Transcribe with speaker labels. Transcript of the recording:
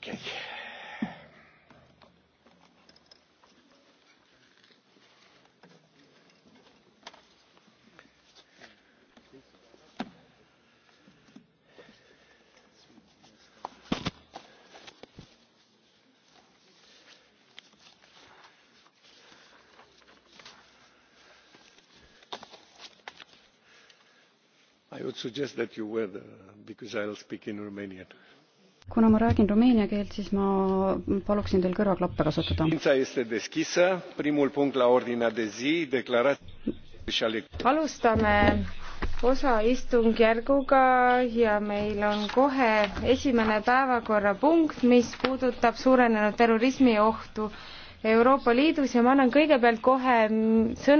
Speaker 1: Okay.
Speaker 2: i would suggest that you were there uh, because i will speak in romanian
Speaker 3: kuna ma räägin rumeenia keelt, siis ma paluksin teil kõrvaklappe kasutada.
Speaker 4: alustame osa istungjärguga ja meil on kohe esimene päevakorrapunkt, mis puudutab suurenenud terrorismiohtu Euroopa Liidus ja ma annan kõigepealt kohe sõna